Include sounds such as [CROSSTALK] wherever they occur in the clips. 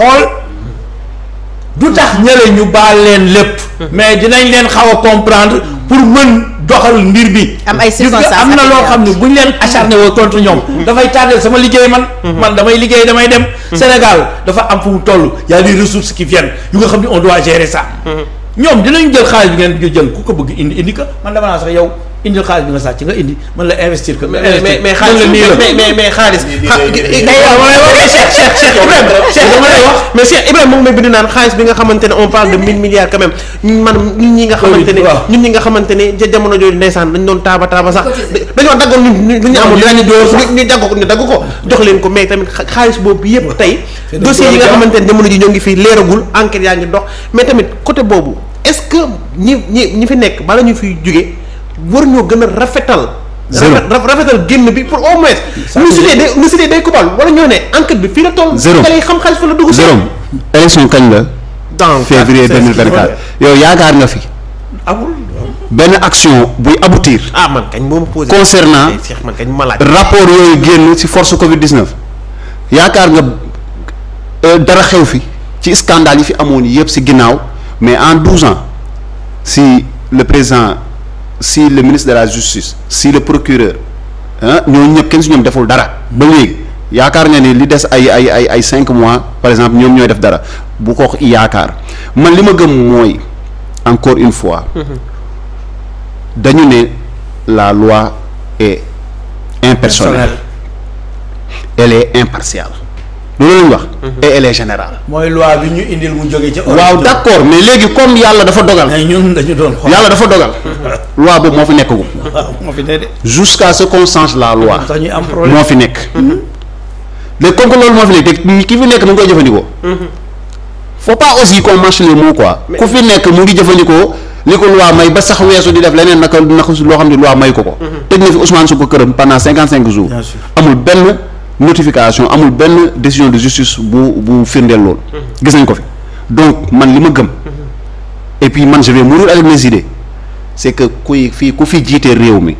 xool du tax ñële ñu baal leen lépp. mais dinañ leen xaw a comprendre pour mën doxal mbir bi. am ay circonstances am na loo xam ne bu ñu leen acharné woo contre ñoom. dafay tardé sama liggéey man. Mhm. man damay liggéey damay dem. Mhm. Sénégal dafa am fu mu toll y a des ressources qui viennent yu nga xam ne on doit gérer mhm. ñoom dinañ jël xaalis bi ngeen jël ku ko bëgg indi indi ko man dama sax yow. indil xaalis bi nga sàcc nga indi mën la investir ko. mais mais mais xaalis mais mais xaalis. mais Cheikh Ibrahima moom may bind naan xaalis bi nga xamante ne on parle de mille milliards quand même ñun man ñun ñi nga xamante ne ñun ñi nga xamante ne ja jamono jooju ndeysaan dañ doon taaba taaba sax dañoo daggoon ñu ñu amoon daañu dóor ñu dagg ko ñu dagg ko jox leen ko mais tamit xaalis boobu yépp tey dossier yi nga xamante ne jamono ji ñoo ngi fii leeragul enquête yaa ngi dox mais tamit côté boobu est-ce que ñi ñi ñi fi nekk bala ñu fiy jóge war ñoo gën a rafetal. zéro rafetal génn bi pour au moins. nu cité day nu cité day kubal wala ñoo ne enquête bi fii la toll. zéro da lay xam xaalis fa la dugg. zéro kañ la. dans février 2024 yow yaakaar nga fi. amul benn action buy aboutir. ah kañ moo ma posé. concernant rapport yooyu génn ci force Covid 19. yaakaar nga euh, dara xew fi ci scandale yi fi amoon yëpp si ginnaaw mais en douze ans si le président. si le ministre de la justice si le procureur ah ñooñu ñëpp kenn si ñoom deful dara ba léegi yaakaar nga ni li des ay ay ay ay cinq mois par exemple ñoom ñooy def dara bu ko yaakaar man li ma gëm mooy encore une fois. Mhm. dañu ne la loi est impersonnelle. elle est impartiale. loolu lañ wax. Mhm. et général mooy loi bi ñu indil mu jóge waaw d' accord mais léegi comme yàlla dafa dogal. ñun dañu doon xool yàlla dafa dogal. [LAUGHS] loi boobu moo fi nekk gu. moo fi nekk de. jusqu' à ce qu' on change la loi. ñu am problème moo fi nekk. léegi mhm. comme que loolu moo fi nekk ki fi nekk mu ngi koy jëfandikoo. Mhm. faut pas aussi qu'on mâche les mots ku fi nekk mu ngi jëfandikoo li ko loi may ba sax weesu di def leneen naka naka loo xam ne loi may ko ko. tëj na fi Ousmane Sonko këram pendant cinquante cinq jours. amul benn. notification amul benn décision de justice bu bu firndeel loolu. Mhm. gis nañ ko fi donc man li ma gëm. Mhm. et puis man je vais mourir avec mes idées c' que kuy fi ku fi jiite réew mi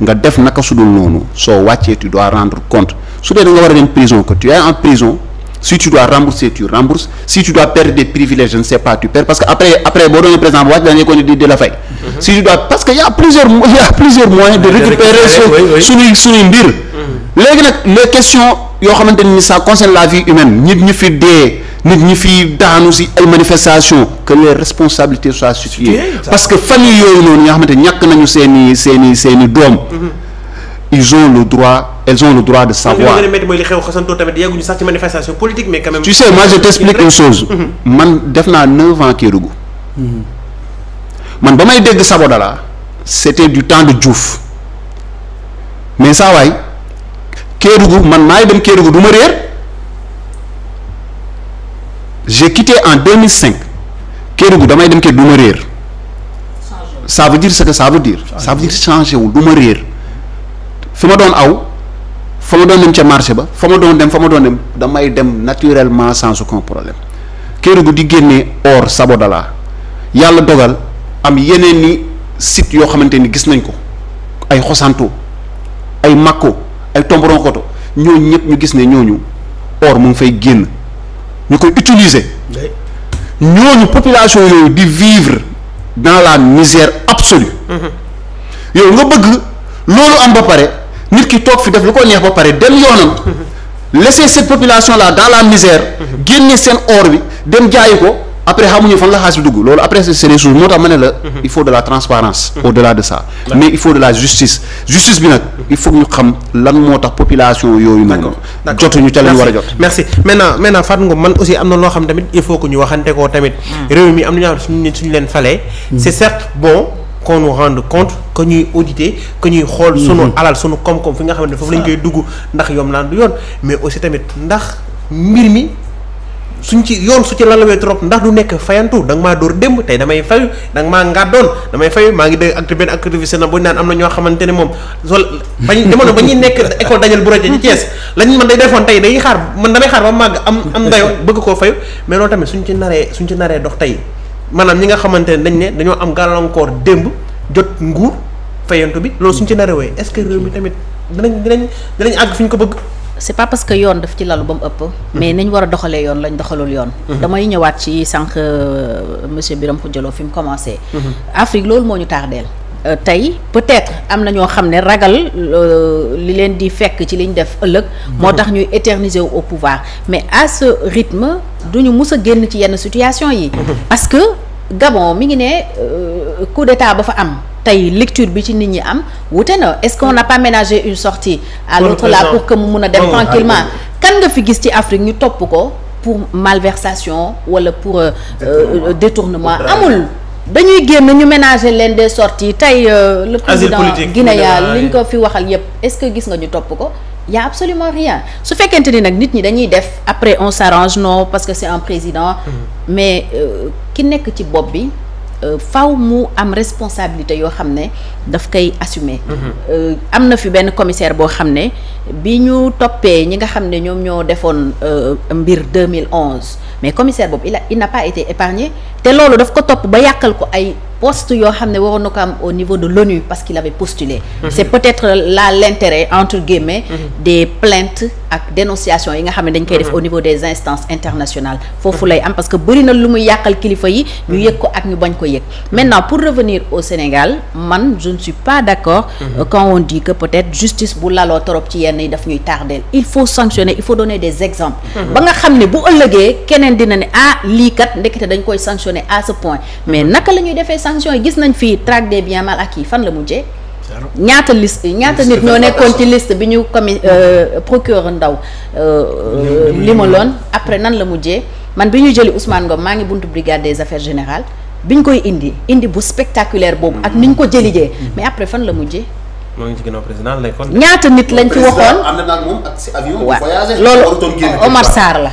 nga def naka sudul noonu soo wàccee tu dois rendre compte su que tu es en tu dois rembourser tu rembourses si tu dois perdre des tu perds parce que après après boo doonee président bu wàcc dañuy ko ni di di la fay. Mhm. si tu dois parce que y' plusieurs [LAUGHS] y' a plusieurs moyens de léegi nag les questions yoo xamante ni ça concerne la vie humaine nit ñi fi dee nit ñi fi daanu si ay manifestation que les responsabilités soient situées parce que famille yooyu noonu nga xamante ñàkk nañu seen i seen seen doom mm-hmm. ils ont le droit elles ont le droit de savoir mooy li tamit yegguñu sax ci manifestation politique mais quand même tu sais moi je t'explique une mm-hmm. man def naa neuf ans Kédougou mm-hmm. man ba may dégg Sabodala c'était du temps de Diouf mais saa waay Kédougou man maay dem Kédougou du ma réer j'ai quitté en 2005 Kédougou damay dem Kédougou du ma réer ça veut dire ce que ça veut changé wu du ma réer fi ma doon aw fa ma doon dem ca marché ba fa ma doon dem fa ma doon dem damay dem naturellement sans aucun problème Kédougou di génnee or Sabodala yàlla dogal am yeneen ni site yoo xamante ni gis nañ ko ay xosanto ay makko ay tomberon koto ñooñu ñëpp ñu gis ne ñooñu or mu ngi fay génn ñu koy utiliser ñooñu population yooyu di vivre dans la misère absolue mhm. yow nga bëgg loolu am ba pare nit ki toog fi def lu ko neex ba pare dem yoonam mhm. laisser cette population là dans la misère mhm. génne seen or bi dem jaayu ko après xamuñu fan la xaalis bi dugg loolu après c'est des choses moo tax ma ne la mhm. il faut de la transparence mhm. au-delà de ça mais il faut de la justice justice bi nag il faut ñu xam lan moo tax population yooyu noonu jotuñu ca lañ war a jot merci maintenant maintenant Fatou nga man aussi am na loo xam tamit il faut que ñu waxante ko tamit hmm. réew mi am na ñoo xam suñu suñu leen falee hmm. c'est certes bon qu'on nous rende compte ñuy auditer que ñuy xool hmm. sunu alal sunu koom-koom fi nga xam ne foofu lañ koy dugg ndax yoom naan du yoon mais aussi tamit ndax mbir mi suñ ci yoon su ci lalawee trop ndax du nekk fayantu da nga maa dóor démb tey damay fayu da nga maa ngàddoon damay fayu maa ngi dégg ak benn na bu ñu naan am na ñoo xamante ne moom sol bañ demoon ba nekk école Daniel Brodia ci Thiès lañ man day defoon tey day xaar man damay xaar ba màgg am am ndayo bëgg koo fayu mais loolu tamit suñ ci naree suñ ci naree dox tey maanaam ñi nga xamante ne dañ ne dañoo am gàllankoor démb jot nguur fayantu bi loolu suñ ci narewee est-ce que réew bi tamit dinañ dinañ danañ àgg fi ñu ko bëgg c'est pas parce que yoon daf ci lalu ba mu ëpp. mais nañ war a doxalee yoon lañ doxalul yoon. damay ñëwaat ci sànq euh, monsieur Birame Khoudialo fi mu commencé. Afrique loolu moo ñu del euh, tey peut-être am na ñoo xam ne ragal euh, li leen di fekk ci liñ def ëllëg. moo tax ñuy éterniser wu au pouvoir mais à ce du ñu mus a génn ci yenn situation yi. parce Gabon mi ngi ne euh, coup d'état ba fa am tey lecture bi ci nit ñi am wute na est-ce qu'on n'a pas ménagé une sortie à l'autre laa pour que mu mun a dem tranquillement ah, kan nga fi gis ci Afrique ñu topp ko pour malversation wala pour euh, euh, détournement amul dañuy génn ñu ménager leen des sorties tey euh, le président guinéen li ñu ko fi waxal yépp est-ce que gis nga ñu topp ko yaa a absolument rien su fekkente ni nag nit ñi dañuy def après on s'arrange non parce que c'est un président mmh. mais euh, ki nekk ci bopp bi euh, faw mu am responsabilité yoo xam ne daf koy assumer mm-hmm. euh, am na fi benn commissaire boo xam ne bi ñu toppee ñi nga xam ne ñoom ñoo defoon mbir 2011 mais commissaire boobu il a il pas été épargné te loolu daf ko topp ba yàkkal ko ay poste yoo xam ne waroon na ko am au niveau de l'ONU parce qu'il avait postulé mhm. c'est peut-être là l'intérêt entre guillemets mmh. des ak dénonciation yi nga xam ne dañ koy def mhm. au niveau des instances internationales mhm. foofu lay am parce que bëri na lu muy yàqal kilifa yi ñu yëg ko ak ñu bañ ko yëg maintenant pour revenir au Sénégal man je ne suis pas d'accord euh, quand on dit que peut-être justice bu laloo trop ci yenn yi daf ñuy tardeel il faut sanctionner il faut donner des exemples ba nga xam ne bu ëllëgee keneen dina ne ah lii kat ndekete dañ koy à ce sanctions gis nañ fii traque des biens ak acquis fan la mujjee. ñaata liste ñaata nit ñoo nekkoon ci liste bi ñu commis euh, procureur ndaw euh, li ma loon après nan la mujjee man bi ñu jëli Ousmane Ngom maa ngi buntu brigade des affaires générales bi ñu koy indi indi bu spectaculaire boobu ak ni ñu ko jëlijee mm-hmm. mais après fan la mujjee. moo ngi ci ginnaaw président ñaata nit lañ fi waxoon waaw loolu Omar Sarr la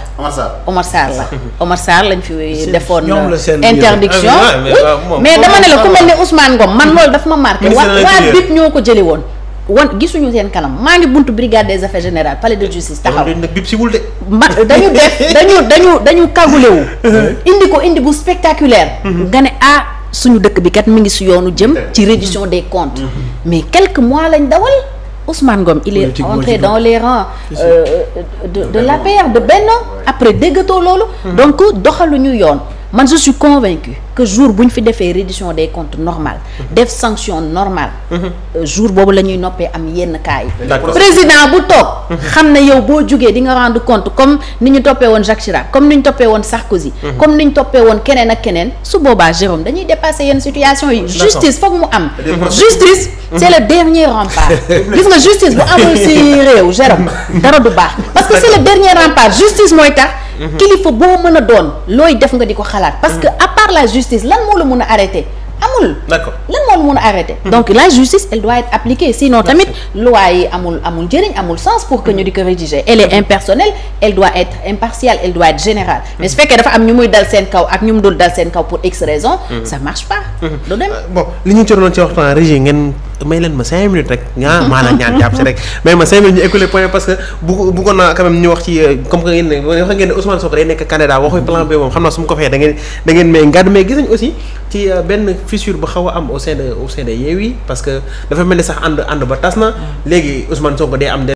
Omar Sarr la [LAUGHS] Omar Sarr lañ fi defoon euh, interdiction ah, mais dama ne la ku mel ni Ousmane Ngom man loolu daf ma marqué waa waa bip ñoo ko jëli woon wan gisuñu seen kanam maa ngi buntu brigade des affaires générales palais de justice taxaw bip si wul de ma dañu def dañu dañu dañu kagule wu [LAUGHS] indi ko indi bu spectaculaire mhm. nga ne ah suñu dëkk bi kat mi ngi su yoonu jëm eh. ci réduction des comptes mm-hmm. mais quelque mois lañ dawal Ousmane Ngom il est entré dans les rangs euh, de de l'APR de Benno après déggatoo loolu mm-hmm. donc doxaluñu yoon man je suis convaincu que jour bu ñu fi defee reddition des comptes normal def sanction normale mhm. euh, jour boobu la noppee am yenn cas yi président bu toog xam ne yow boo jógee di nga rendre compte comme ni ñu toppee woon Jacques Chirac comme ni ñu toppee woon Sarkozy mhm. comme ni ñu toppee woon keneen ak keneen su boobaa Jérôme dañuy dépasser yenn situation yi justice foog mu am justice mhm. c'est le dernier rempart [LAUGHS] gis nga justice bu amul si réew Jérôme dara du kilifa boo mën a doon looy def nga di ko xalaat parce que à part la justice lan moo la mën a arrêté amul d'accord lan moo la mën a arrêté hmm. donc la justice elle doit être appliquée sinon tamit loi yi amul amul njëriñ amul sens pour que hmm. ñu di ko rédiger elle est impersonnelle elle doit être impartiale elle doit être générale hmm. mais su fekkee dafa am ñu muy dal seen kaw ak ñu mu dul dal seen kaw pour x raison ça marche pas du dem euh, bon li ñu ci doon ci waxtaan régie may leen ma cinq minutes rek ah maanaam ñaan jàpp si rek may ma cinq minutes ñu écoulé point parce que bu bëggoon naa quand ñu wax ci euh, comme que ngeen ne wax ngeen ne Ousmane Sonko day nekk candidat waxu plan B moom xam naa su ma ko feyee da ngeen may ngàdd mais gis nañ aussi ci euh, benn fissure bu xaw a am au sein de au sein parce que dafa mel sax ànd ànd ba tas na mm. léegi Ousmane Sonko day am